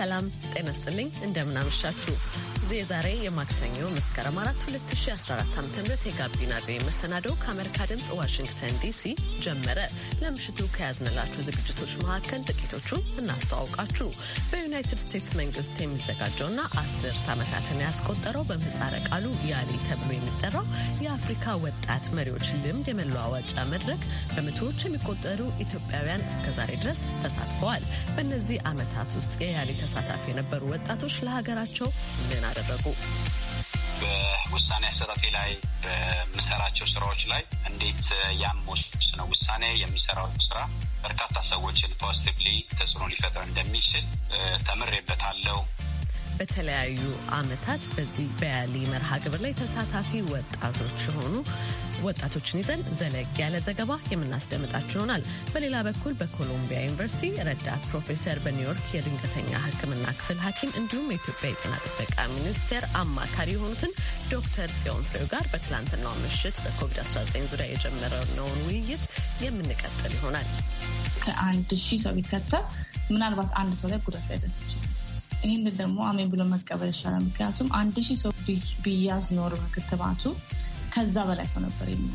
ሰላም ጤና ስጥልኝ። እንደምናመሻችሁ የዛሬ የማክሰኞ መስከረም 4 2014 ዓ ም የጋቢና ቤ መሰናደው ከአሜሪካ ድምፅ ዋሽንግተን ዲሲ ጀመረ። ለምሽቱ ከያዝንላችሁ ዝግጅቶች መካከል ጥቂቶቹን እናስተዋውቃችሁ። በዩናይትድ ስቴትስ መንግስት የሚዘጋጀውና አስርት ዓመታትን ያስቆጠረው በምህጻረ ቃሉ ያሌ ተብሎ የሚጠራው የአፍሪካ ወጣት መሪዎች ልምድ የመለዋወጫ መድረክ በመቶዎች የሚቆጠሩ ኢትዮጵያውያን እስከዛሬ ድረስ ተሳትፈዋል። በእነዚህ ዓመታት ውስጥ የያሌ ተሳታፊ የነበሩ ወጣቶች ለሀገራቸው ምን መጠበቁ በውሳኔ አሰጣጤ ላይ በምሰራቸው ስራዎች ላይ እንዴት ያሞች ነው ውሳኔ የሚሰራው ስራ በርካታ ሰዎችን ፖዚቲቭሊ ተጽዕኖ ሊፈጥር እንደሚችል ተምሬበታለሁ። በተለያዩ አመታት በዚህ በያሊ መርሃ ግብር ላይ ተሳታፊ ወጣቶች የሆኑ ወጣቶችን ይዘን ዘለግ ያለ ዘገባ የምናስደምጣችሁ ይሆናል። በሌላ በኩል በኮሎምቢያ ዩኒቨርሲቲ ረዳት ፕሮፌሰር በኒውዮርክ የድንገተኛ ሕክምና ክፍል ሐኪም እንዲሁም የኢትዮጵያ የጤና ጥበቃ ሚኒስቴር አማካሪ የሆኑትን ዶክተር ጽዮን ፍሬው ጋር በትላንትናው ምሽት በኮቪድ-19 ዙሪያ የጀመረነውን ውይይት የምንቀጥል ይሆናል። ከአንድ ሺህ ሰው ቢከተብ ምናልባት አንድ ሰው ላይ ጉዳት ላይደርስ ይችላል። ይህንን ደግሞ አሜን ብሎ መቀበል ይሻላል። ምክንያቱም አንድ ሺህ ሰው ቢያዝ ኖር ክትባቱ ከዛ በላይ ሰው ነበር የሚ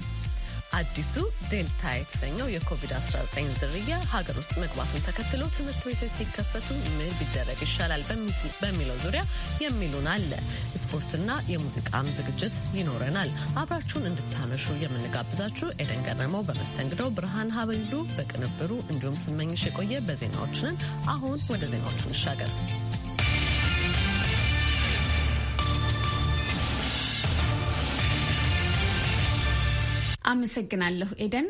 አዲሱ ዴልታ የተሰኘው የኮቪድ-19 ዝርያ ሀገር ውስጥ መግባቱን ተከትሎ ትምህርት ቤቶች ሲከፈቱ ምን ቢደረግ ይሻላል በሚለው ዙሪያ የሚሉን አለ። ስፖርትና የሙዚቃም ዝግጅት ይኖረናል። አብራችሁን እንድታመሹ የምንጋብዛችሁ ኤደን ገረመው በመስተንግደው፣ ብርሃን ሀበሉ በቅንብሩ፣ እንዲሁም ስመኝሽ የቆየ በዜናዎችንን። አሁን ወደ ዜናዎቹ እንሻገር። አመሰግናለሁ ኤደን።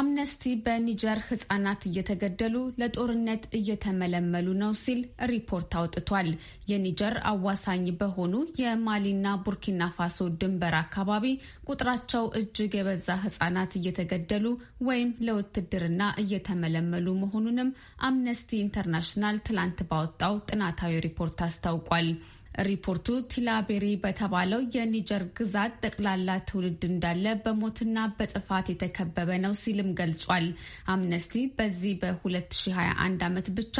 አምነስቲ በኒጀር ህጻናት እየተገደሉ ለጦርነት እየተመለመሉ ነው ሲል ሪፖርት አውጥቷል። የኒጀር አዋሳኝ በሆኑ የማሊና ቡርኪና ፋሶ ድንበር አካባቢ ቁጥራቸው እጅግ የበዛ ህጻናት እየተገደሉ ወይም ለውትድርና እየተመለመሉ መሆኑንም አምነስቲ ኢንተርናሽናል ትላንት ባወጣው ጥናታዊ ሪፖርት አስታውቋል። ሪፖርቱ ቲላቤሪ በተባለው የኒጀር ግዛት ጠቅላላ ትውልድ እንዳለ በሞትና በጥፋት የተከበበ ነው ሲልም ገልጿል። አምነስቲ በዚህ በ2021 ዓመት ብቻ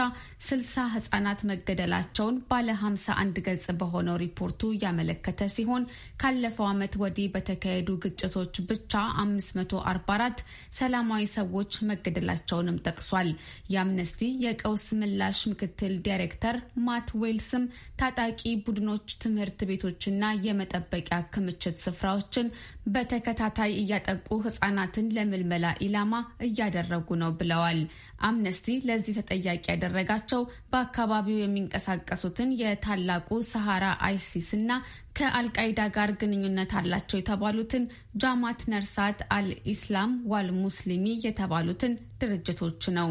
60 ህጻናት መገደላቸውን ባለ 51 ገጽ በሆነው ሪፖርቱ ያመለከተ ሲሆን ካለፈው ዓመት ወዲህ በተካሄዱ ግጭቶች ብቻ 544 ሰላማዊ ሰዎች መገደላቸውንም ጠቅሷል። የአምነስቲ የቀውስ ምላሽ ምክትል ዳይሬክተር ማት ዌልስም ታጣቂ ቡድኖች ትምህርት ቤቶችና የመጠበቂያ ክምችት ስፍራዎችን በተከታታይ እያጠቁ ህጻናትን ለምልመላ ኢላማ እያደረጉ ነው ብለዋል። አምነስቲ ለዚህ ተጠያቂ ያደረጋቸው በአካባቢው የሚንቀሳቀሱትን የታላቁ ሰሃራ አይሲስ እና ከአልቃይዳ ጋር ግንኙነት አላቸው የተባሉትን ጃማት ነርሳት አልኢስላም ዋል ሙስሊሚ የተባሉትን ድርጅቶች ነው።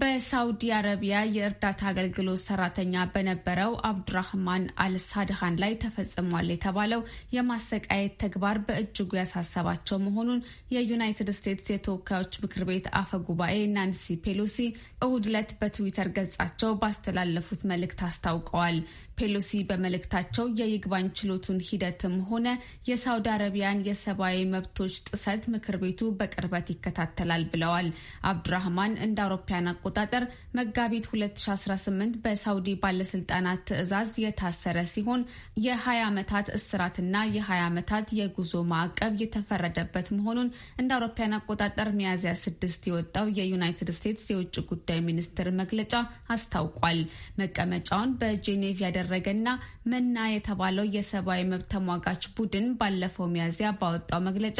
በሳውዲ አረቢያ የእርዳታ አገልግሎት ሰራተኛ በነበረው አብዱራህማን አልሳድሃን ላይ ተፈጽሟል የተባለው የማሰቃየት ተግባር በእጅጉ ያሳሰባቸው መሆኑን የዩናይትድ ስቴትስ የተወካዮች ምክር ቤት አፈ ጉባኤ ናንሲ ፔሎሲ እሁድ ዕለት በትዊተር ገጻቸው ባስተላለፉት መልእክት አስታውቀዋል። ፔሎሲ በመልእክታቸው የይግባኝ ችሎቱን ሂደትም ሆነ የሳውዲ አረቢያን የሰብአዊ መብቶች ጥሰት ምክር ቤቱ በቅርበት ይከታተላል ብለዋል። አብዱራህማን እንደ አውሮፓያን አቆጣጠር መጋቢት 2018 በሳውዲ ባለስልጣናት ትዕዛዝ የታሰረ ሲሆን የ20 ዓመታት እስራትና የ20 ዓመታት የጉዞ ማዕቀብ የተፈረደበት መሆኑን እንደ አውሮፓያን አቆጣጠር ሚያዝያ 6 የወጣው የዩናይትድ ስቴትስ የውጭ ጉዳይ ሚኒስትር መግለጫ አስታውቋል። መቀመጫውን በጄኔቭ ያደ ያደረገና መና የተባለው የሰብአዊ መብት ተሟጋች ቡድን ባለፈው ሚያዝያ ባወጣው መግለጫ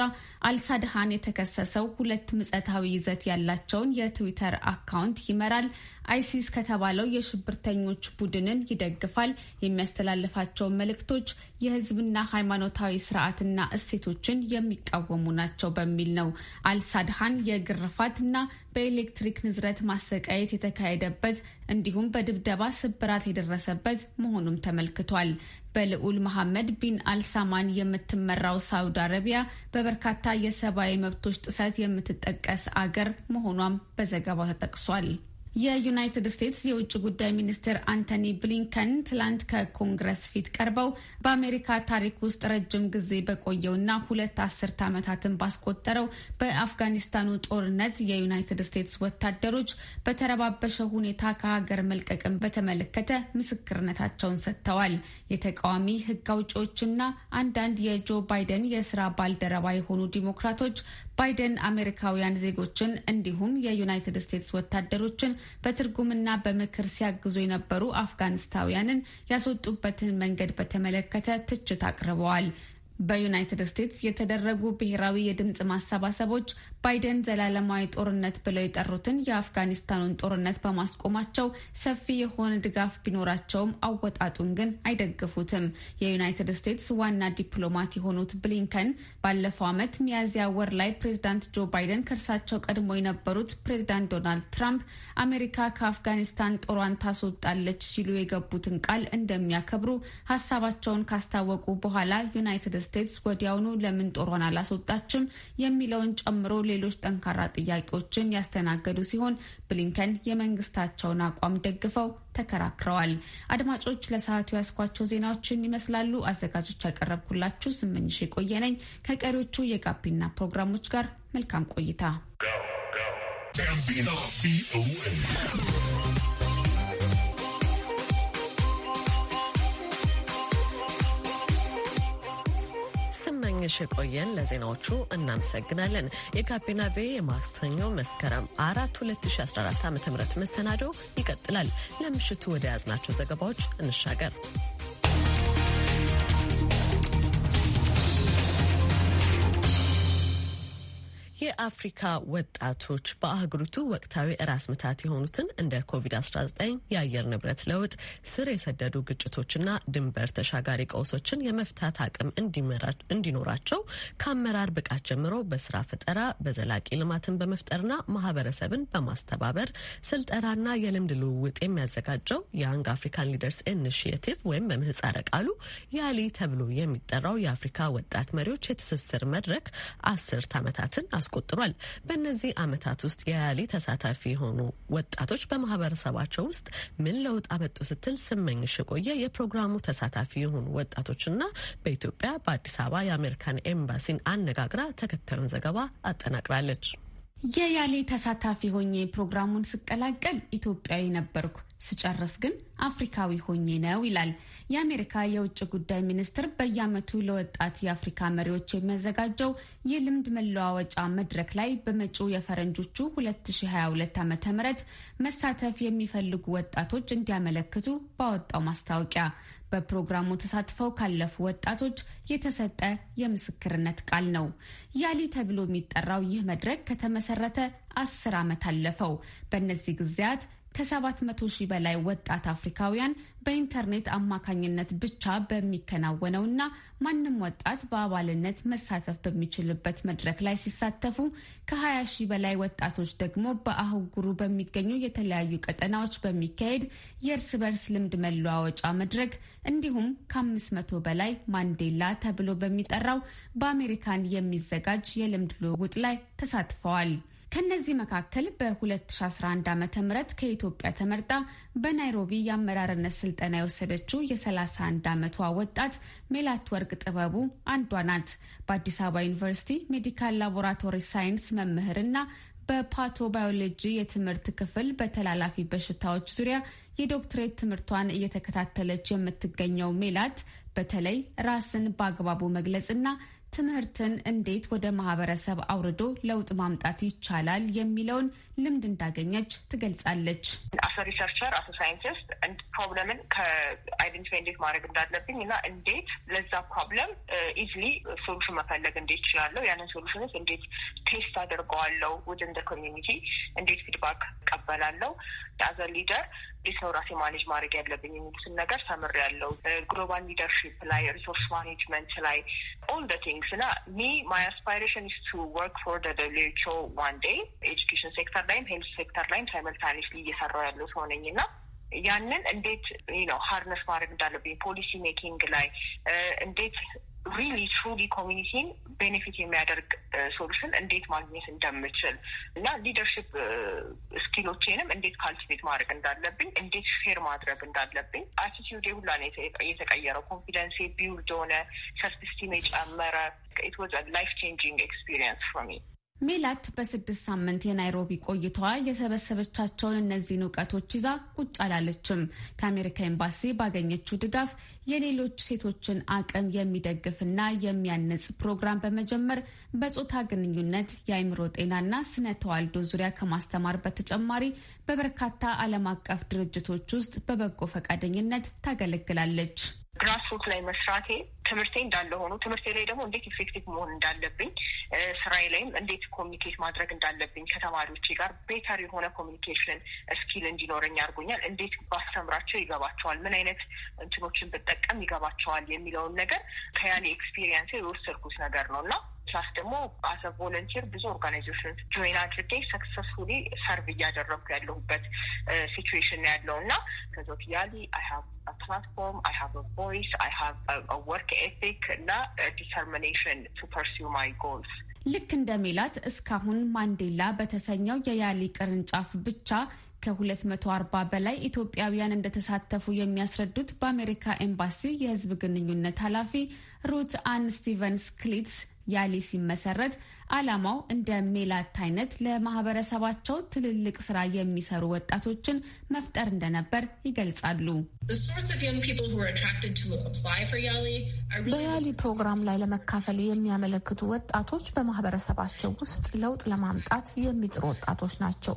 አልሳድሃን የተከሰሰው ሁለት ምጸታዊ ይዘት ያላቸውን የትዊተር አካውንት ይመራል፣ አይሲስ ከተባለው የሽብርተኞች ቡድንን ይደግፋል፣ የሚያስተላልፋቸውን መልእክቶች የህዝብና ሃይማኖታዊ ስርዓትና እሴቶችን የሚቃወሙ ናቸው በሚል ነው። አልሳድሃን የግርፋትና በኤሌክትሪክ ንዝረት ማሰቃየት የተካሄደበት እንዲሁም በድብደባ ስብራት የደረሰበት መሆኑም ተመልክቷል። በልዑል መሐመድ ቢን አልሳማን የምትመራው ሳውዲ አረቢያ በበርካታ የሰብአዊ መብቶች ጥሰት የምትጠቀስ አገር መሆኗም በዘገባው ተጠቅሷል። የዩናይትድ ስቴትስ የውጭ ጉዳይ ሚኒስትር አንቶኒ ብሊንከን ትላንት ከኮንግረስ ፊት ቀርበው በአሜሪካ ታሪክ ውስጥ ረጅም ጊዜ በቆየውና ሁለት አስርት ዓመታትን ባስቆጠረው በአፍጋኒስታኑ ጦርነት የዩናይትድ ስቴትስ ወታደሮች በተረባበሸ ሁኔታ ከሀገር መልቀቅን በተመለከተ ምስክርነታቸውን ሰጥተዋል። የተቃዋሚ ሕግ አውጪዎችና አንዳንድ የጆ ባይደን የስራ ባልደረባ የሆኑ ዲሞክራቶች ባይደን አሜሪካውያን ዜጎችን እንዲሁም የዩናይትድ ስቴትስ ወታደሮችን በትርጉምና በምክር ሲያግዙ የነበሩ አፍጋኒስታውያንን ያስወጡበትን መንገድ በተመለከተ ትችት አቅርበዋል። በዩናይትድ ስቴትስ የተደረጉ ብሔራዊ የድምፅ ማሰባሰቦች ባይደን ዘላለማዊ ጦርነት ብለው የጠሩትን የአፍጋኒስታኑን ጦርነት በማስቆማቸው ሰፊ የሆነ ድጋፍ ቢኖራቸውም አወጣጡን ግን አይደግፉትም። የዩናይትድ ስቴትስ ዋና ዲፕሎማት የሆኑት ብሊንከን ባለፈው ዓመት ሚያዝያ ወር ላይ ፕሬዚዳንት ጆ ባይደን ከእርሳቸው ቀድሞ የነበሩት ፕሬዚዳንት ዶናልድ ትራምፕ አሜሪካ ከአፍጋኒስታን ጦሯን ታስወጣለች ሲሉ የገቡትን ቃል እንደሚያከብሩ ሀሳባቸውን ካስታወቁ በኋላ ዩናይትድ ስቴትስ ወዲያውኑ ለምን ጦሯን አላስወጣችም የሚለውን ጨምሮ ሌሎች ጠንካራ ጥያቄዎችን ያስተናገዱ ሲሆን ብሊንከን የመንግስታቸውን አቋም ደግፈው ተከራክረዋል። አድማጮች ለሰዓቱ ያስኳቸው ዜናዎችን ይመስላሉ። አዘጋጆች ያቀረብኩላችሁ ስምኝሽ የቆየ ነኝ። ከቀሪዎቹ የጋቢና ፕሮግራሞች ጋር መልካም ቆይታ። ስመኝሽ የቆየን ለዜናዎቹ እናመሰግናለን። የጋቢና ቪ የማክሰኞ መስከረም አራት 2014 ዓ ም መሰናዶ ይቀጥላል። ለምሽቱ ወደ ያዝናቸው ዘገባዎች እንሻገር። የአፍሪካ ወጣቶች በአህጉሪቱ ወቅታዊ ራስ ምታት የሆኑትን እንደ ኮቪድ-19፣ የአየር ንብረት ለውጥ፣ ስር የሰደዱ ግጭቶችና ድንበር ተሻጋሪ ቀውሶችን የመፍታት አቅም እንዲኖራቸው ከአመራር ብቃት ጀምሮ በስራ ፈጠራ በዘላቂ ልማትን በመፍጠርና ማህበረሰብን በማስተባበር ስልጠናና የልምድ ልውውጥ የሚያዘጋጀው የአንግ አፍሪካን ሊደርስ ኢኒሽቲቭ ወይም በምህፃረ ቃሉ ያሊ ተብሎ የሚጠራው የአፍሪካ ወጣት መሪዎች የትስስር መድረክ አስርት ዓመታትን አስቆጥ ተቆጥሯል። በእነዚህ ዓመታት ውስጥ የያሌ ተሳታፊ የሆኑ ወጣቶች በማህበረሰባቸው ውስጥ ምን ለውጥ አመጡ ስትል ስመኝሽ የቆየ የፕሮግራሙ ተሳታፊ የሆኑ ወጣቶችና በኢትዮጵያ በአዲስ አበባ የአሜሪካን ኤምባሲን አነጋግራ ተከታዩን ዘገባ አጠናቅራለች። የያሌ ተሳታፊ ሆኜ ፕሮግራሙን ስቀላቀል ኢትዮጵያዊ ነበርኩ፣ ስጨርስ ግን አፍሪካዊ ሆኜ ነው ይላል። የአሜሪካ የውጭ ጉዳይ ሚኒስቴር በየዓመቱ ለወጣት የአፍሪካ መሪዎች የሚያዘጋጀው የልምድ መለዋወጫ መድረክ ላይ በመጪው የፈረንጆቹ 2022 ዓ ም መሳተፍ የሚፈልጉ ወጣቶች እንዲያመለክቱ ባወጣው ማስታወቂያ በፕሮግራሙ ተሳትፈው ካለፉ ወጣቶች የተሰጠ የምስክርነት ቃል ነው። ያሊ ተብሎ የሚጠራው ይህ መድረክ ከተመሰረተ አስር ዓመት አለፈው። በእነዚህ ጊዜያት ከ700 ሺህ በላይ ወጣት አፍሪካውያን በኢንተርኔት አማካኝነት ብቻ በሚከናወነውና ማንም ወጣት በአባልነት መሳተፍ በሚችልበት መድረክ ላይ ሲሳተፉ ከ20 ሺህ በላይ ወጣቶች ደግሞ በአህጉሩ በሚገኙ የተለያዩ ቀጠናዎች በሚካሄድ የእርስ በርስ ልምድ መለዋወጫ መድረክ እንዲሁም ከ500 በላይ ማንዴላ ተብሎ በሚጠራው በአሜሪካን የሚዘጋጅ የልምድ ልውውጥ ላይ ተሳትፈዋል። ከነዚህ መካከል በ2011 ዓ ም ከኢትዮጵያ ተመርጣ በናይሮቢ የአመራርነት ስልጠና የወሰደችው የ31 ዓመቷ ወጣት ሜላት ወርቅ ጥበቡ አንዷ ናት። በአዲስ አበባ ዩኒቨርሲቲ ሜዲካል ላቦራቶሪ ሳይንስ መምህርና በፓቶ ባዮሎጂ የትምህርት ክፍል በተላላፊ በሽታዎች ዙሪያ የዶክትሬት ትምህርቷን እየተከታተለች የምትገኘው ሜላት በተለይ ራስን በአግባቡ መግለጽና ትምህርትን እንዴት ወደ ማህበረሰብ አውርዶ ለውጥ ማምጣት ይቻላል የሚለውን ልምድ እንዳገኘች ትገልጻለች። አሰ ሪሰርቸር አሰ ሳይንቲስት ፕሮብለምን ከአይደንቲፋይ እንዴት ማድረግ እንዳለብኝ እና እንዴት ለዛ ፕሮብለም ኢዝሊ ሶሉሽን መፈለግ እንዴት ይችላለሁ፣ ያንን ሶሉሽንስ እንዴት ቴስት አድርገዋለው፣ ውድን ደ ኮሚኒቲ እንዴት ፊድባክ እቀበላለሁ፣ አዘ ሊደር እንዴት ነው ራሴ ማኔጅ ማድረግ ያለብኝ የሚሉትን ነገር ተምሬያለሁ። ግሎባል ሊደርሽፕ ላይ፣ ሪሶርስ ማኔጅመንት ላይ ኦል ደ ቲንግስ እና ሚ ማይ አስፓይሬሽን ኢስ ቱ ወርክ ፎር ደ ደሌቾ ዋን ዴይ ኤጁኬሽን ሴክተር ላይም ሄልት ሴክተር ላይም ሳይመልታኒስሊ እየሰራው ያለው ሰው ነኝ እና ያንን እንዴት ነው ሀርነስ ማድረግ እንዳለብኝ ፖሊሲ ሜኪንግ ላይ uh, እንዴት ሪሊ ትሩሊ ኮሚኒቲን ቤኔፊት የሚያደርግ ሶሉሽን uh, እንዴት ማግኘት እንደምችል እና ሊደርሽፕ ስኪሎቼንም uh, እንዴት ካልቲቬት ማድረግ እንዳለብኝ፣ እንዴት ሼር ማድረግ እንዳለብኝ አቲቲዩድ ሁላ የተቀየረው። ኮንፊደንስ ቢውልድ ሆነ፣ ሰልፍ ስቲም የጨመረ። ኢት ዋዝ ላይፍ ቼንጂንግ ኤክስፒሪየንስ ፎር ሚ። ሜላት በስድስት ሳምንት የናይሮቢ ቆይታዋ የሰበሰበቻቸውን እነዚህን እውቀቶች ይዛ ቁጭ አላለችም። ከአሜሪካ ኤምባሲ ባገኘችው ድጋፍ የሌሎች ሴቶችን አቅም የሚደግፍና የሚያነጽ ፕሮግራም በመጀመር በጾታ ግንኙነት፣ ጤና ጤናና ስነ ተዋልዶ ዙሪያ ከማስተማር በተጨማሪ በበርካታ ዓለም አቀፍ ድርጅቶች ውስጥ በበጎ ፈቃደኝነት ታገለግላለች። ግራስሩት ላይ መስራቴ ትምህርቴ እንዳለ ሆኖ ትምህርቴ ላይ ደግሞ እንዴት ኢፌክቲቭ መሆን እንዳለብኝ፣ ስራዬ ላይም እንዴት ኮሚኒኬት ማድረግ እንዳለብኝ ከተማሪዎቼ ጋር ቤተር የሆነ ኮሚኒኬሽን ስኪል እንዲኖረኝ አድርጎኛል። እንዴት ባስተምራቸው ይገባቸዋል፣ ምን አይነት እንትኖችን ብጠቀም ይገባቸዋል የሚለውን ነገር ከያኔ ኤክስፒሪየንስ የወሰድኩት ነገር ነው እና ፕላስ ደግሞ አሰ ቮለንቲር ብዙ ኦርጋናይዜሽን ጆይን አድርጌ ሰክሰስፉሊ ሰርቭ እያደረጉ ያለሁበት ሲትዌሽን ነው ያለው እና ከዚ ያሊ አይ ሀቭ ፕላትፎርም አይ ሀቭ ቮይስ አይ ሀቭ ወርክ ኤቲክ እና ዲተርሚኔሽን ቱ ፐርሱ ማይ ጎልስ። ልክ እንደ ሜላት እስካሁን ማንዴላ በተሰኘው የያሊ ቅርንጫፍ ብቻ ከ240 በላይ ኢትዮጵያውያን እንደተሳተፉ የሚያስረዱት በአሜሪካ ኤምባሲ የሕዝብ ግንኙነት ኃላፊ ሩት አን ስቲቨንስ ክሊትስ ያሊ ሲመሰረት ዓላማው እንደ ሜላት አይነት ለማህበረሰባቸው ትልልቅ ስራ የሚሰሩ ወጣቶችን መፍጠር እንደነበር ይገልጻሉ። በያሊ ፕሮግራም ላይ ለመካፈል የሚያመለክቱ ወጣቶች በማህበረሰባቸው ውስጥ ለውጥ ለማምጣት የሚጥሩ ወጣቶች ናቸው።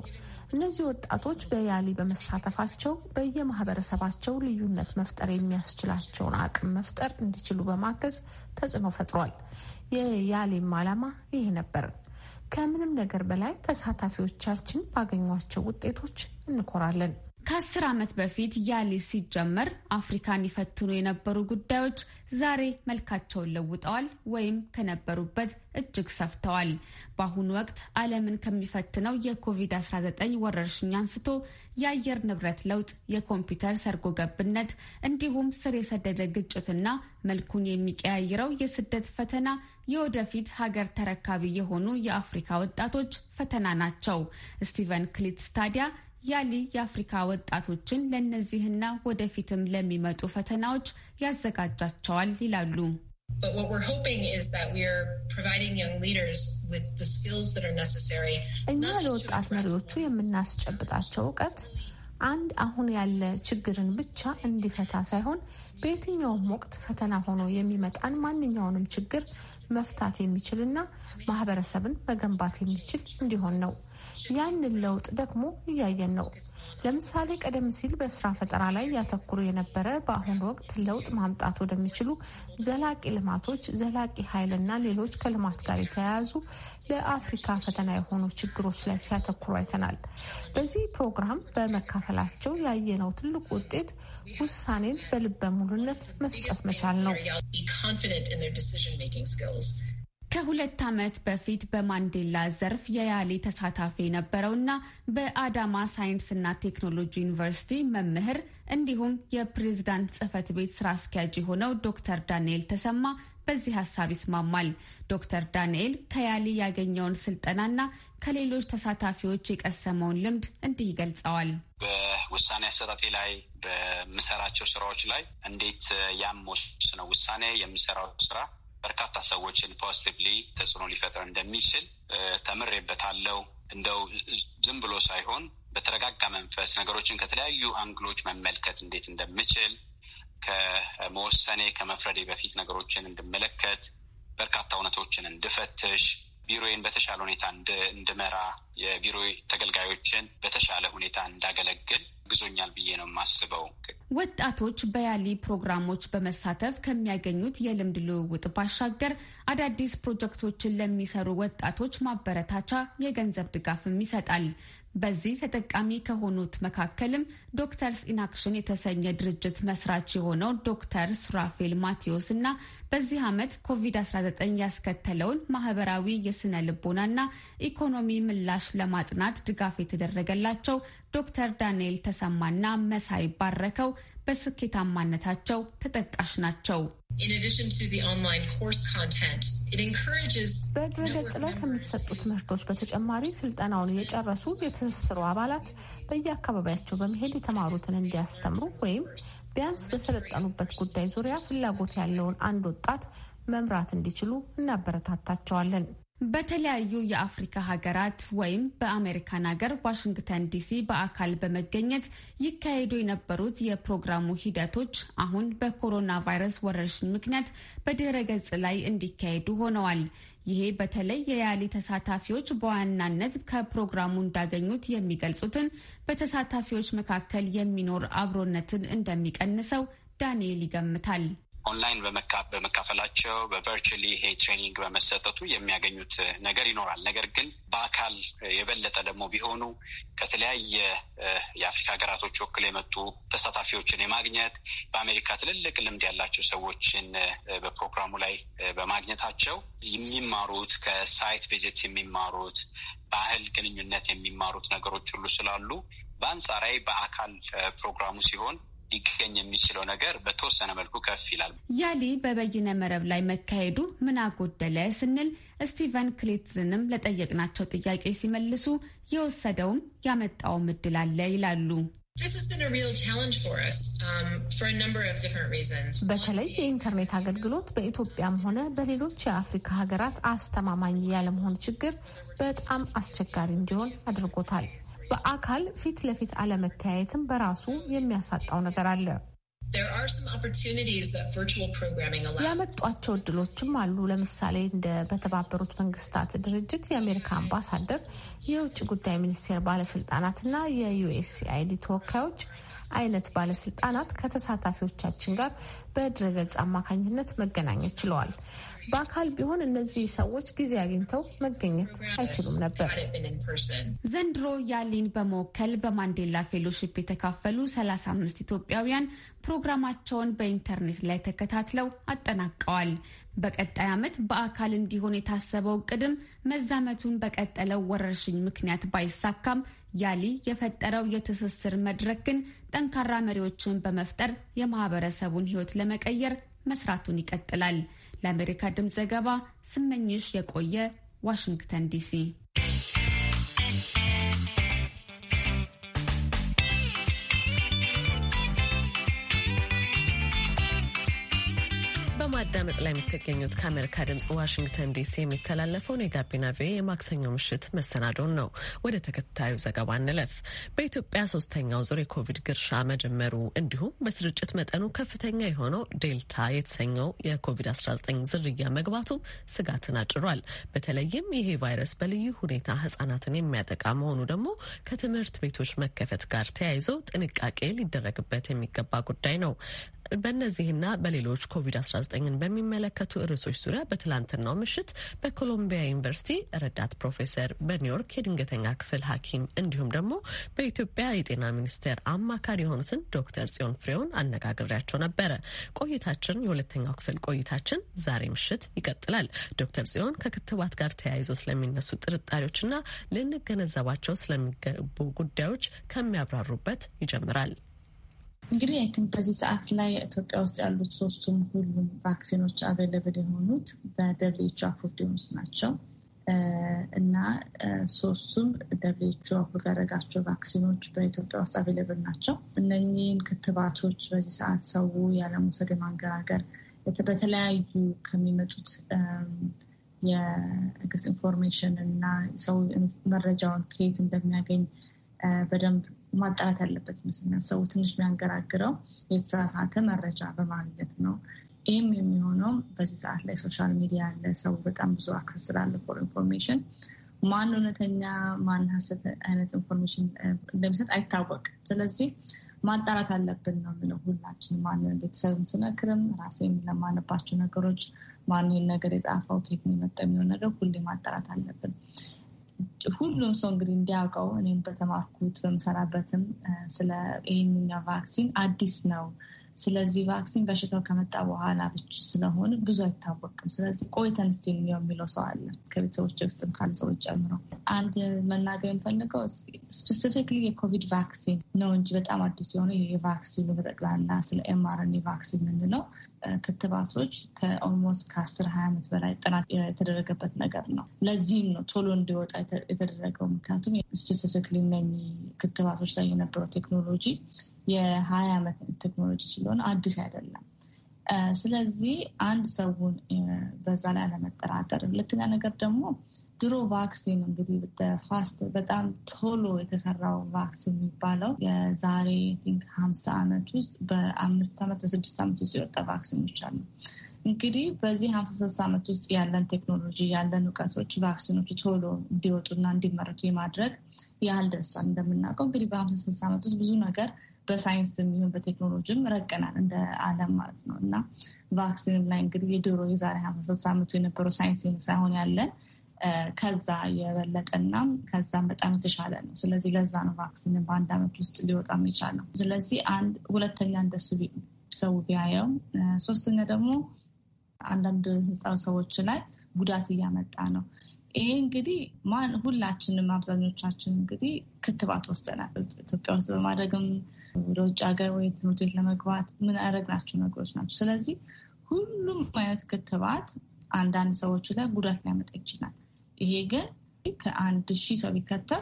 እነዚህ ወጣቶች በያሊ በመሳተፋቸው በየማህበረሰባቸው ልዩነት መፍጠር የሚያስችላቸውን አቅም መፍጠር እንዲችሉ በማገዝ ተጽዕኖ ፈጥሯል። የያሌም ዓላማ ይሄ ነበር። ከምንም ነገር በላይ ተሳታፊዎቻችን ባገኟቸው ውጤቶች እንኮራለን። ከአስር ዓመት በፊት ያሌ ሲጀመር አፍሪካን ይፈትኑ የነበሩ ጉዳዮች ዛሬ መልካቸውን ለውጠዋል ወይም ከነበሩበት እጅግ ሰፍተዋል። በአሁኑ ወቅት ዓለምን ከሚፈትነው የኮቪድ-19 ወረርሽኝ አንስቶ የአየር ንብረት ለውጥ፣ የኮምፒውተር ሰርጎ ገብነት እንዲሁም ስር የሰደደ ግጭትና መልኩን የሚቀያይረው የስደት ፈተና የወደፊት ሀገር ተረካቢ የሆኑ የአፍሪካ ወጣቶች ፈተና ናቸው። ስቲቨን ክሊትስ ታዲያ ያሊ የአፍሪካ ወጣቶችን ለእነዚህና ወደፊትም ለሚመጡ ፈተናዎች ያዘጋጃቸዋል ይላሉ። But what we're hoping is that we're providing young leaders with the skills that are necessary. እኛ ለወጣት መሪዎቹ የምናስጨብጣቸው እውቀት አንድ አሁን ያለ ችግርን ብቻ እንዲፈታ ሳይሆን በየትኛውም ወቅት ፈተና ሆኖ የሚመጣን ማንኛውንም ችግር መፍታት የሚችልና ማህበረሰብን መገንባት የሚችል እንዲሆን ነው። ያንን ለውጥ ደግሞ እያየን ነው። ለምሳሌ ቀደም ሲል በስራ ፈጠራ ላይ ያተኩሩ የነበረ በአሁኑ ወቅት ለውጥ ማምጣት ወደሚችሉ ዘላቂ ልማቶች፣ ዘላቂ ኃይልና ሌሎች ከልማት ጋር የተያያዙ ለአፍሪካ ፈተና የሆኑ ችግሮች ላይ ሲያተኩሩ አይተናል። በዚህ ፕሮግራም በመካፈላቸው ያየነው ትልቁ ውጤት ውሳኔን በልበ ሙሉነት መስጠት መቻል ነው። ከሁለት ዓመት በፊት በማንዴላ ዘርፍ የያሌ ተሳታፊ የነበረውና በአዳማ ሳይንስና ቴክኖሎጂ ዩኒቨርሲቲ መምህር እንዲሁም የፕሬዝዳንት ጽህፈት ቤት ስራ አስኪያጅ የሆነው ዶክተር ዳንኤል ተሰማ በዚህ ሀሳብ ይስማማል። ዶክተር ዳንኤል ከያሌ ያገኘውን ስልጠናና ከሌሎች ተሳታፊዎች የቀሰመውን ልምድ እንዲህ ይገልጸዋል። በውሳኔ አሰጣጤ ላይ በምሰራቸው ስራዎች ላይ እንዴት ያም ወስነው ውሳኔ የምሰራው ስራ በርካታ ሰዎችን ፖዚቲቭሊ ተጽዕኖ ሊፈጥር እንደሚችል ተምሬበታለሁ። እንደው ዝም ብሎ ሳይሆን በተረጋጋ መንፈስ ነገሮችን ከተለያዩ አንግሎች መመልከት እንዴት እንደምችል ከመወሰኔ ከመፍረዴ በፊት ነገሮችን እንድመለከት በርካታ እውነቶችን እንድፈትሽ ቢሮዬን በተሻለ ሁኔታ እንድመራ የቢሮ ተገልጋዮችን በተሻለ ሁኔታ እንዳገለግል አግዞኛል ብዬ ነው የማስበው። ወጣቶች በያሊ ፕሮግራሞች በመሳተፍ ከሚያገኙት የልምድ ልውውጥ ባሻገር አዳዲስ ፕሮጀክቶችን ለሚሰሩ ወጣቶች ማበረታቻ የገንዘብ ድጋፍም ይሰጣል። በዚህ ተጠቃሚ ከሆኑት መካከልም ዶክተርስ ኢናክሽን የተሰኘ ድርጅት መስራች የሆነው ዶክተር ሱራፌል ማቴዎስ እና በዚህ ዓመት ኮቪድ-19 ያስከተለውን ማህበራዊ የስነ ልቦናና ኢኮኖሚ ምላሽ ለማጥናት ድጋፍ የተደረገላቸው ዶክተር ዳንኤል ተሳ ተሰማና መሳይ ባረከው በስኬታማነታቸው ተጠቃሽ ናቸው። በድረገጽ ላይ ከሚሰጡ ትምህርቶች በተጨማሪ ስልጠናውን የጨረሱ የትስስሩ አባላት በየአካባቢያቸው በመሄድ የተማሩትን እንዲያስተምሩ ወይም ቢያንስ በሰለጠኑበት ጉዳይ ዙሪያ ፍላጎት ያለውን አንድ ወጣት መምራት እንዲችሉ እናበረታታቸዋለን። በተለያዩ የአፍሪካ ሀገራት ወይም በአሜሪካን ሀገር ዋሽንግተን ዲሲ በአካል በመገኘት ይካሄዱ የነበሩት የፕሮግራሙ ሂደቶች አሁን በኮሮና ቫይረስ ወረርሽኝ ምክንያት በድረ ገጽ ላይ እንዲካሄዱ ሆነዋል። ይሄ በተለይ የያሊ ተሳታፊዎች በዋናነት ከፕሮግራሙ እንዳገኙት የሚገልጹትን በተሳታፊዎች መካከል የሚኖር አብሮነትን እንደሚቀንሰው ዳንኤል ይገምታል። ኦንላይን በመካፈላቸው በቨርቹዋሊ ይሄ ትሬኒንግ በመሰጠቱ የሚያገኙት ነገር ይኖራል። ነገር ግን በአካል የበለጠ ደግሞ ቢሆኑ ከተለያየ የአፍሪካ ሀገራቶች ወክል የመጡ ተሳታፊዎችን የማግኘት በአሜሪካ ትልልቅ ልምድ ያላቸው ሰዎችን በፕሮግራሙ ላይ በማግኘታቸው የሚማሩት ከሳይት ቪዚት የሚማሩት ባህል ግንኙነት የሚማሩት ነገሮች ሁሉ ስላሉ በአንጻራዊ በአካል ፕሮግራሙ ሲሆን ሊገኝ የሚችለው ነገር በተወሰነ መልኩ ከፍ ይላል። ያሊ በበይነ መረብ ላይ መካሄዱ ምን አጎደለ ስንል ስቲቨን ክሌትዝንም ለጠየቅናቸው ጥያቄ ሲመልሱ የወሰደውም ያመጣውም እድል አለ ይላሉ። um, በተለይ የኢንተርኔት አገልግሎት በኢትዮጵያም ሆነ በሌሎች የአፍሪካ ሀገራት አስተማማኝ ያለመሆን ችግር በጣም አስቸጋሪ እንዲሆን አድርጎታል። በአካል ፊት ለፊት አለመተያየትም በራሱ የሚያሳጣው ነገር አለ። ያመጧቸው እድሎችም አሉ። ለምሳሌ እንደ በተባበሩት መንግስታት ድርጅት የአሜሪካ አምባሳደር፣ የውጭ ጉዳይ ሚኒስቴር ባለስልጣናትና የዩኤስኤአይዲ ተወካዮች አይነት ባለስልጣናት ከተሳታፊዎቻችን ጋር በድረገጽ አማካኝነት መገናኘት ችለዋል። በአካል ቢሆን እነዚህ ሰዎች ጊዜ አግኝተው መገኘት አይችሉም ነበር። ዘንድሮ ያሊን በመወከል በማንዴላ ፌሎሺፕ የተካፈሉ 35 ኢትዮጵያውያን ፕሮግራማቸውን በኢንተርኔት ላይ ተከታትለው አጠናቀዋል። በቀጣይ ዓመት በአካል እንዲሆን የታሰበው ቅድም መዛመቱን በቀጠለው ወረርሽኝ ምክንያት ባይሳካም ያሊ የፈጠረው የትስስር መድረክ ግን ጠንካራ መሪዎችን በመፍጠር የማህበረሰቡን ሕይወት ለመቀየር መስራቱን ይቀጥላል። ለአሜሪካ ድምፅ ዘገባ ስመኝሽ የቆየ ዋሽንግተን ዲሲ በማዳመጥ ላይ የሚገኙት ከአሜሪካ ድምጽ ዋሽንግተን ዲሲ የሚተላለፈውን የጋቢና ቪ የማክሰኞ ምሽት መሰናዶን ነው። ወደ ተከታዩ ዘገባ እንለፍ። በኢትዮጵያ ሶስተኛው ዙር የኮቪድ ግርሻ መጀመሩ እንዲሁም በስርጭት መጠኑ ከፍተኛ የሆነው ዴልታ የተሰኘው የኮቪድ-19 ዝርያ መግባቱ ስጋትን አጭሯል። በተለይም ይሄ ቫይረስ በልዩ ሁኔታ ህጻናትን የሚያጠቃ መሆኑ ደግሞ ከትምህርት ቤቶች መከፈት ጋር ተያይዘው ጥንቃቄ ሊደረግበት የሚገባ ጉዳይ ነው። በእነዚህና በሌሎች ኮቪድ-19ን በሚመለከቱ ርዕሶች ዙሪያ በትላንትናው ምሽት በኮሎምቢያ ዩኒቨርሲቲ ረዳት ፕሮፌሰር በኒውዮርክ የድንገተኛ ክፍል ሐኪም እንዲሁም ደግሞ በኢትዮጵያ የጤና ሚኒስቴር አማካሪ የሆኑትን ዶክተር ጽዮን ፍሬውን አነጋግሬያቸው ነበረ። ቆይታችን የሁለተኛው ክፍል ቆይታችን ዛሬ ምሽት ይቀጥላል። ዶክተር ጽዮን ከክትባት ጋር ተያይዞ ስለሚነሱ ጥርጣሬዎችና ልንገነዘባቸው ስለሚገቡ ጉዳዮች ከሚያብራሩበት ይጀምራል። እንግዲህ አይ ቲንክ በዚህ ሰዓት ላይ ኢትዮጵያ ውስጥ ያሉት ሶስቱም ሁሉም ቫክሲኖች አቬለብል የሆኑት በደብሊውኤች አፕሩቭድ የሆኑት ናቸው እና ሶስቱም ደብሊውኤች አፕሩቭ ያደረጋቸው ቫክሲኖች በኢትዮጵያ ውስጥ አቬለብል ናቸው። እነኚህን ክትባቶች በዚህ ሰዓት ሰው ያለመውሰድ የማንገራገር በተለያዩ ከሚመጡት የግስ ኢንፎርሜሽን እና ሰው መረጃውን ከየት እንደሚያገኝ በደንብ ማጣራት ያለበት ይመስለኛል። ሰው ትንሽ የሚያንገራግረው የተሳሳተ መረጃ በማግኘት ነው። ይህም የሚሆነው በዚህ ሰዓት ላይ ሶሻል ሚዲያ ያለ ሰው በጣም ብዙ አክሰስ ስላለ ፎር ኢንፎርሜሽን ማን እውነተኛ ማን ሀሰት አይነት ኢንፎርሜሽን እንደሚሰጥ አይታወቅም። ስለዚህ ማጣራት አለብን ነው የሚለው ሁላችን። ማንን ቤተሰብን ስነክርም ራሴም ለማነባቸው ነገሮች ማንን ነገር የጻፈው ኬት የመጣ የሚሆን ነገር ሁሌ ማጣራት አለብን። ሁሉም ሰው እንግዲህ እንዲያውቀው እኔም በተማርኩት በምሰራበትም ስለ ይህንኛ ቫክሲን አዲስ ነው ስለዚህ ቫክሲን በሽታው ከመጣ በኋላ ብቻ ስለሆነ ብዙ አይታወቅም። ስለዚህ ቆይተን ስቲል የሚለው ሰው አለ ከቤተሰቦች ውስጥም ካሉ ሰዎች ጨምሮ። አንድ መናገር የምፈልገው ስፔሲፊክሊ የኮቪድ ቫክሲን ነው እንጂ በጣም አዲስ የሆነ የቫክሲኑ በጠቅላላ ስለ ኤምአርኒ ቫክሲን ምንድነው ክትባቶች ከኦልሞስት ከአስር ሀያ ዓመት በላይ ጥናት የተደረገበት ነገር ነው። ለዚህም ነው ቶሎ እንዲወጣ የተደረገው ምክንያቱም ስፔሲፊክሊ እነኚህ ክትባቶች ላይ የነበረው ቴክኖሎጂ የሀያ ዓመት ቴክኖሎጂ ስለሆነ አዲስ አይደለም። ስለዚህ አንድ ሰውን በዛ ላይ አለመጠራጠር። ሁለተኛ ነገር ደግሞ ድሮ ቫክሲን እንግዲህ ፋስት በጣም ቶሎ የተሰራው ቫክሲን የሚባለው የዛሬ ቲንክ ሀምሳ ዓመት ውስጥ በአምስት ዓመት በስድስት ዓመት ውስጥ የወጣ ቫክሲኖች አሉ። እንግዲህ በዚህ ሀምሳ ስድስት ዓመት ውስጥ ያለን ቴክኖሎጂ ያለን እውቀቶች ቫክሲኖቹ ቶሎ እንዲወጡና እንዲመረቱ የማድረግ ያህል ደርሷል። እንደምናውቀው እንግዲህ በሀምሳ ስድስት ዓመት ውስጥ ብዙ ነገር በሳይንስም ይሁን በቴክኖሎጂም ረቀናል እንደ ዓለም ማለት ነው እና ቫክሲንም ላይ እንግዲህ የድሮ የዛሬ ሀምሳ ስልሳ ዓመቱ የነበረው ሳይንስ ሳይሆን ያለ ከዛ የበለጠና ከዛም በጣም የተሻለ ነው። ስለዚህ ለዛ ነው ቫክሲንን በአንድ ዓመት ውስጥ ሊወጣ የሚቻል ነው። ስለዚህ አንድ ሁለተኛ እንደሱ ሰው ቢያየው፣ ሶስተኛ ደግሞ አንዳንድ ህፃን ሰዎች ላይ ጉዳት እያመጣ ነው። ይሄ እንግዲህ ማን ሁላችንም አብዛኞቻችን እንግዲህ ክትባት ወስደናል ኢትዮጵያ ውስጥ በማድረግም ወደ ውጭ ሀገር ወይ ትምህርት ቤት ለመግባት የምናደርጋቸው ነገሮች ናቸው። ስለዚህ ሁሉም አይነት ክትባት አንዳንድ ሰዎች ላይ ጉዳት ሊያመጣ ይችላል። ይሄ ግን ከአንድ ሺህ ሰው ቢከተብ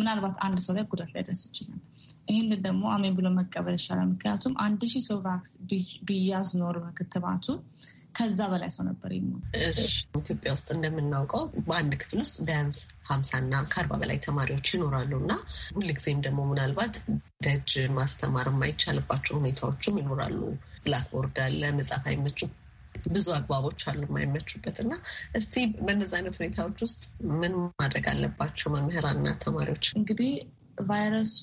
ምናልባት አንድ ሰው ላይ ጉዳት ሊያደርስ ይችላል። ይህንን ደግሞ አሜን ብሎ መቀበል ይሻላል። ምክንያቱም አንድ ሺህ ሰው ቫክስ ቢያዝ በክትባቱ ከዛ በላይ ሰው ነበር ይሞ ኢትዮጵያ ውስጥ እንደምናውቀው በአንድ ክፍል ውስጥ ቢያንስ ሀምሳና ከአርባ በላይ ተማሪዎች ይኖራሉ እና ሁልጊዜም ደግሞ ምናልባት ደጅ ማስተማር የማይቻልባቸው ሁኔታዎችም ይኖራሉ። ብላክቦርድ አለ፣ መጻፍ አይመችም ብዙ አግባቦች አሉ የማይመቹበት እና እስቲ በነዚ አይነት ሁኔታዎች ውስጥ ምን ማድረግ አለባቸው መምህራንና ተማሪዎች? እንግዲህ ቫይረሱ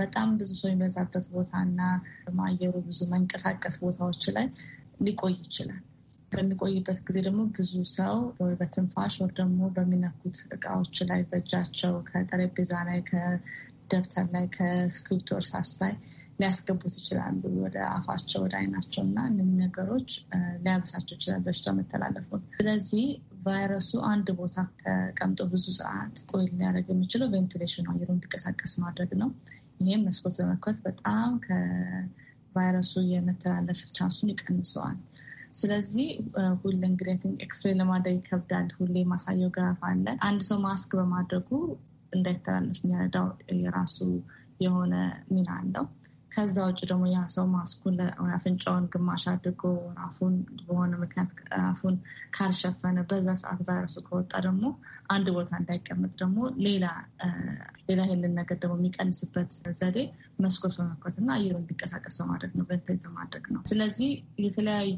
በጣም ብዙ ሰው የሚበዛበት ቦታ እና ማየሩ ብዙ መንቀሳቀስ ቦታዎች ላይ ሊቆይ ይችላል። በሚቆይበት ጊዜ ደግሞ ብዙ ሰው በትንፋሽ ወር ደግሞ በሚነኩት እቃዎች ላይ በእጃቸው ከጠረጴዛ ላይ ከደብተር ላይ ከእስክሪብቶ እርሳስ ላይ ሊያስገቡት ይችላሉ ወደ አፋቸው ወደ አይናቸው እና እነዚህ ነገሮች ሊያብሳቸው ይችላል በሽታው መተላለፉ ስለዚህ ቫይረሱ አንድ ቦታ ተቀምጦ ብዙ ሰዓት ቆይ ሊያደርግ የሚችለው ቬንቲሌሽኑ አየሩ እንዲቀሳቀስ ማድረግ ነው። ይህም መስኮት በመክፈት በጣም ከቫይረሱ የመተላለፍ ቻንሱን ይቀንሰዋል። ስለዚህ ሁሌ እንግዲህ ኤክስሬ ለማድረግ ይከብዳል። ሁሌ የማሳየው ግራፍ አለ። አንድ ሰው ማስክ በማድረጉ እንዳይተላለፍ የሚረዳው የራሱ የሆነ ሚና አለው። ከዛ ውጭ ደግሞ ያ ሰው ማስኩን አፍንጫውን ግማሽ አድርጎ አፉን በሆነ ምክንያት አፉን ካልሸፈነ በዛ ሰዓት ቫይረሱ ከወጣ ደግሞ አንድ ቦታ እንዳይቀመጥ ደግሞ ሌላ ሌላ ይህንን ነገር ደግሞ የሚቀንስበት ዘዴ መስኮት በመክፈት እና አየሩ እንዲንቀሳቀስ በማድረግ ነው፣ ቬንቲሌተር ማድረግ ነው። ስለዚህ የተለያዩ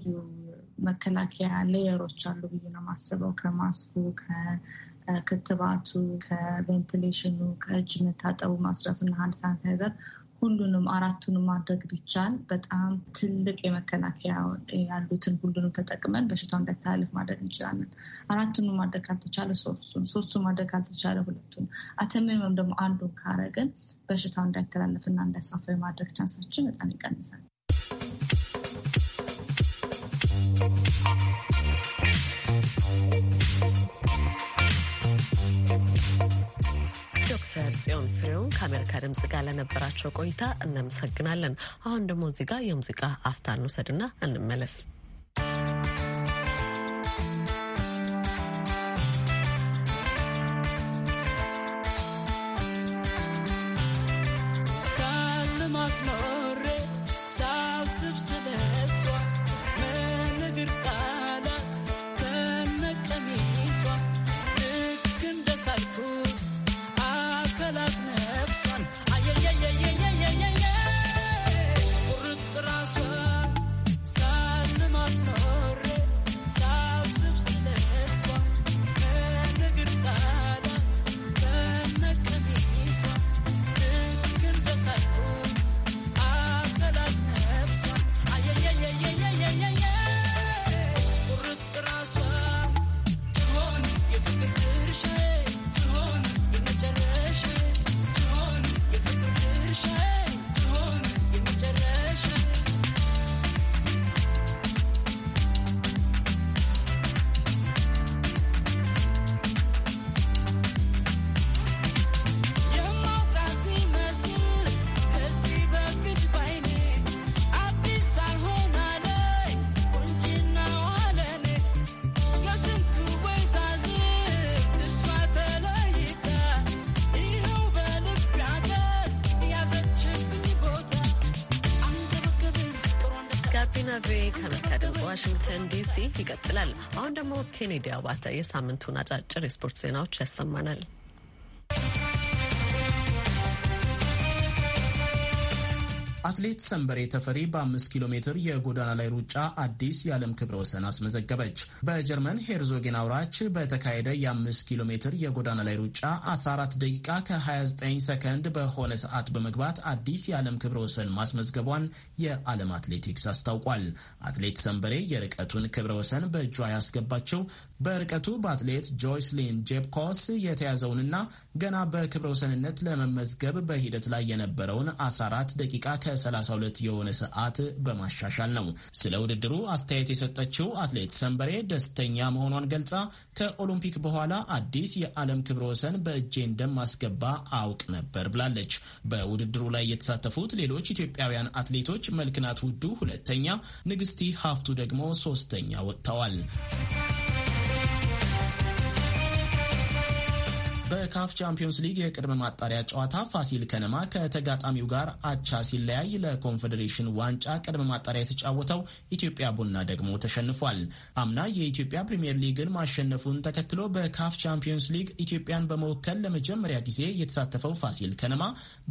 መከላከያ ሌየሮች አሉ ብዬ ነው የማስበው። ከማስኩ፣ ከክትባቱ፣ ከቬንቲሌሽኑ፣ ከእጅ መታጠቡ፣ ማስራቱና ሀንድ ሳኒታይዘር ሁሉንም አራቱንም ማድረግ ቢቻል በጣም ትልቅ የመከላከያ ያሉትን ሁሉንም ተጠቅመን በሽታው እንዳይተላለፍ ማድረግ እንችላለን። አራቱንም ማድረግ ካልተቻለ ሶስቱን፣ ሶስቱን ማድረግ ካልተቻለ ሁለቱን፣ አተሚኒመም ደግሞ አንዱን ካረግን በሽታው እንዳይተላለፍና እንዳይሳፋ የማድረግ ቻንሳችን በጣም ይቀንሳል። ዶክተር ጽዮን ፍሬውን ከአሜሪካ ድምጽ ጋር ለነበራቸው ቆይታ እናመሰግናለን። አሁን ደግሞ እዚህ ጋር የሙዚቃ አፍታን ውሰድና እንመለስ። ዲሲ ይቀጥላል። አሁን ደግሞ ኬኔዲ አባተ የሳምንቱን አጫጭር የስፖርት ዜናዎች ያሰማናል። አትሌት ሰንበሬ ተፈሪ በአምስት ኪሎ ሜትር የጎዳና ላይ ሩጫ አዲስ የዓለም ክብረ ወሰን አስመዘገበች። በጀርመን ሄርዞጌን አውራች በተካሄደ የአምስት ኪሎ ሜትር የጎዳና ላይ ሩጫ 14 ደቂቃ ከ29 ሰከንድ በሆነ ሰዓት በመግባት አዲስ የዓለም ክብረ ወሰን ማስመዝገቧን የዓለም አትሌቲክስ አስታውቋል። አትሌት ሰንበሬ የርቀቱን ክብረ ወሰን በእጇ ያስገባቸው በርቀቱ በአትሌት ጆይስሊን ጄፕኮስ የተያዘውንና ገና በክብረ ወሰንነት ለመመዝገብ በሂደት ላይ የነበረውን 14 ደቂቃ ከ 32 የሆነ ሰዓት በማሻሻል ነው። ስለ ውድድሩ አስተያየት የሰጠችው አትሌት ሰንበሬ ደስተኛ መሆኗን ገልጻ ከኦሎምፒክ በኋላ አዲስ የዓለም ክብረ ወሰን በእጄ እንደማስገባ አውቅ ነበር ብላለች። በውድድሩ ላይ የተሳተፉት ሌሎች ኢትዮጵያውያን አትሌቶች መልክናት ውዱ ሁለተኛ፣ ንግስቲ ሀፍቱ ደግሞ ሶስተኛ ወጥተዋል። በካፍ ቻምፒዮንስ ሊግ የቅድመ ማጣሪያ ጨዋታ ፋሲል ከነማ ከተጋጣሚው ጋር አቻ ሲለያይ ለኮንፌዴሬሽን ዋንጫ ቅድመ ማጣሪያ የተጫወተው ኢትዮጵያ ቡና ደግሞ ተሸንፏል። አምና የኢትዮጵያ ፕሪምየር ሊግን ማሸነፉን ተከትሎ በካፍ ቻምፒዮንስ ሊግ ኢትዮጵያን በመወከል ለመጀመሪያ ጊዜ የተሳተፈው ፋሲል ከነማ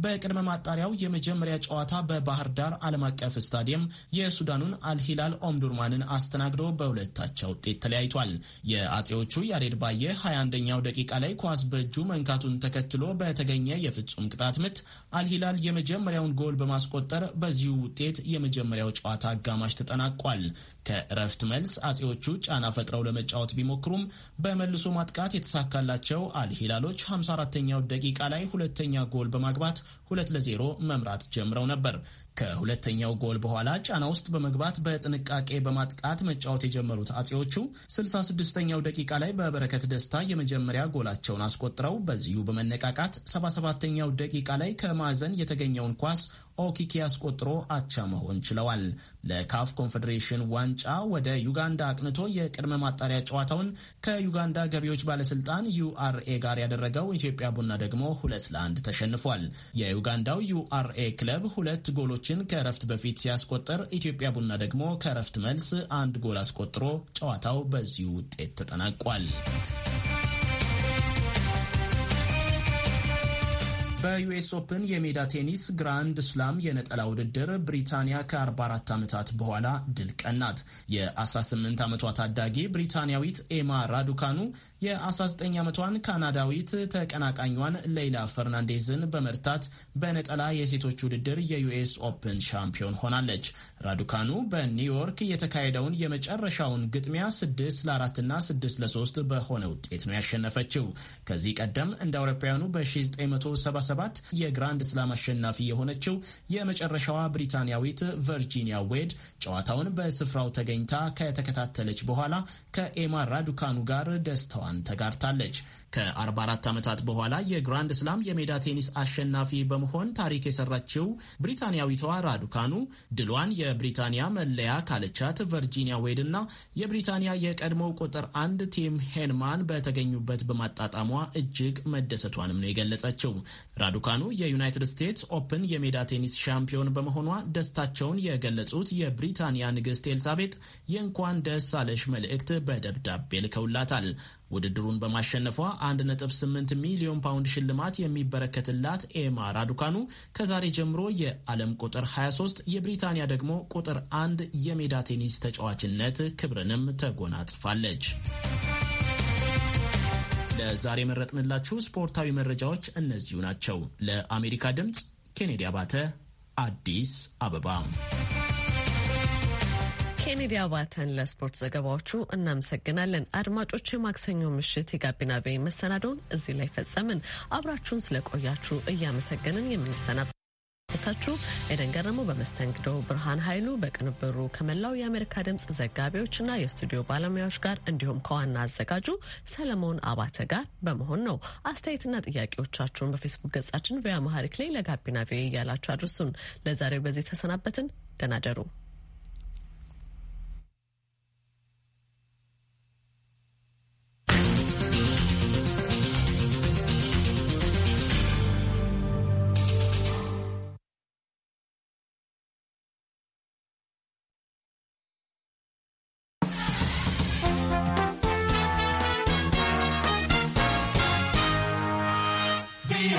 በቅድመ ማጣሪያው የመጀመሪያ ጨዋታ በባህር ዳር ዓለም አቀፍ ስታዲየም የሱዳኑን አልሂላል ኦምዱርማንን አስተናግዶ በሁለታቸው ውጤት ተለያይቷል። የአጼዎቹ ያሬድ ባየ 21ኛው ደቂቃ ላይ ኳስ በ በእጁ መንካቱን ተከትሎ በተገኘ የፍጹም ቅጣት ምት አልሂላል የመጀመሪያውን ጎል በማስቆጠር በዚሁ ውጤት የመጀመሪያው ጨዋታ አጋማሽ ተጠናቋል። ከእረፍት መልስ አጼዎቹ ጫና ፈጥረው ለመጫወት ቢሞክሩም በመልሶ ማጥቃት የተሳካላቸው አልሂላሎች 54ኛው ደቂቃ ላይ ሁለተኛ ጎል በማግባት ሁለት ለዜሮ መምራት ጀምረው ነበር። ከሁለተኛው ጎል በኋላ ጫና ውስጥ በመግባት በጥንቃቄ በማጥቃት መጫወት የጀመሩት አጼዎቹ 66ኛው ደቂቃ ላይ በበረከት ደስታ የመጀመሪያ ጎላቸውን አስቆጥረው በዚሁ በመነቃቃት 77ኛው ደቂቃ ላይ ከማዕዘን የተገኘውን ኳስ ኦኪኪ አስቆጥሮ አቻ መሆን ችለዋል። ለካፍ ኮንፌዴሬሽን ዋንጫ ወደ ዩጋንዳ አቅንቶ የቅድመ ማጣሪያ ጨዋታውን ከዩጋንዳ ገቢዎች ባለስልጣን ዩአርኤ ጋር ያደረገው ኢትዮጵያ ቡና ደግሞ ሁለት ለአንድ ተሸንፏል። የዩጋንዳው ዩአርኤ ክለብ ሁለት ጎሎችን ከእረፍት በፊት ሲያስቆጥር ኢትዮጵያ ቡና ደግሞ ከእረፍት መልስ አንድ ጎል አስቆጥሮ ጨዋታው በዚሁ ውጤት ተጠናቋል። በዩኤስ ኦፕን የሜዳ ቴኒስ ግራንድ ስላም የነጠላ ውድድር ብሪታንያ ከ44 ዓመታት በኋላ ድል ቀናት። የ18 ዓመቷ ታዳጊ ብሪታንያዊት ኤማ ራዱካኑ የ19 ዓመቷን ካናዳዊት ተቀናቃኟን ሌይላ ፈርናንዴዝን በመርታት በነጠላ የሴቶች ውድድር የዩኤስ ኦፕን ሻምፒዮን ሆናለች። ራዱካኑ በኒውዮርክ የተካሄደውን የመጨረሻውን ግጥሚያ 6 ለ4 እና 6 ለ3 በሆነ ውጤት ነው ያሸነፈችው። ከዚህ ቀደም እንደ አውሮፓውያኑ በ1977 2017 የግራንድ ስላም አሸናፊ የሆነችው የመጨረሻዋ ብሪታንያዊት ቨርጂኒያ ዌድ ጨዋታውን በስፍራው ተገኝታ ከተከታተለች በኋላ ከኤማ ራዱካኑ ጋር ደስታዋን ተጋርታለች። ከ44 ዓመታት በኋላ የግራንድ ስላም የሜዳ ቴኒስ አሸናፊ በመሆን ታሪክ የሰራችው ብሪታንያዊቷ ራዱካኑ ድሏን የብሪታንያ መለያ ካለቻት ቨርጂኒያ ዌድ እና የብሪታንያ የቀድሞው ቁጥር አንድ ቲም ሄንማን በተገኙበት በማጣጣሟ እጅግ መደሰቷንም ነው የገለጸችው። ራዱካኑ የዩናይትድ ስቴትስ ኦፕን የሜዳ ቴኒስ ሻምፒዮን በመሆኗ ደስታቸውን የገለጹት የብሪታንያ ንግሥት ኤልሳቤጥ የእንኳን ደስ አለሽ መልእክት በደብዳቤ ልከውላታል። ውድድሩን በማሸነፏ 1.8 ሚሊዮን ፓውንድ ሽልማት የሚበረከትላት ኤማ ራዱካኑ ከዛሬ ጀምሮ የዓለም ቁጥር 23 የብሪታንያ ደግሞ ቁጥር አንድ የሜዳ ቴኒስ ተጫዋችነት ክብርንም ተጎናጽፋለች። ለዛሬ የመረጥንላችሁ ስፖርታዊ መረጃዎች እነዚሁ ናቸው። ለአሜሪካ ድምፅ ኬኔዲ አባተ አዲስ አበባ። ኬኔዲ አባተን ለስፖርት ዘገባዎቹ እናመሰግናለን። አድማጮች የማክሰኞ ምሽት የጋቢና ቤ መሰናዶውን እዚህ ላይ ፈጸምን። አብራችሁን ስለቆያችሁ እያመሰገንን የምንሰናበ ታችሁ ኤደን ገረመው በመስተንግዶ ብርሃን ኃይሉ በቅንብሩ ከመላው የአሜሪካ ድምፅ ዘጋቢዎችና የስቱዲዮ ባለሙያዎች ጋር እንዲሁም ከዋና አዘጋጁ ሰለሞን አባተ ጋር በመሆን ነው። አስተያየትና ጥያቄዎቻችሁን በፌስቡክ ገጻችን ቪያ መሀሪክ ላይ ለጋቢና ቪ እያላችሁ አድርሱን። ለዛሬው በዚህ ተሰናበትን። ደናደሩ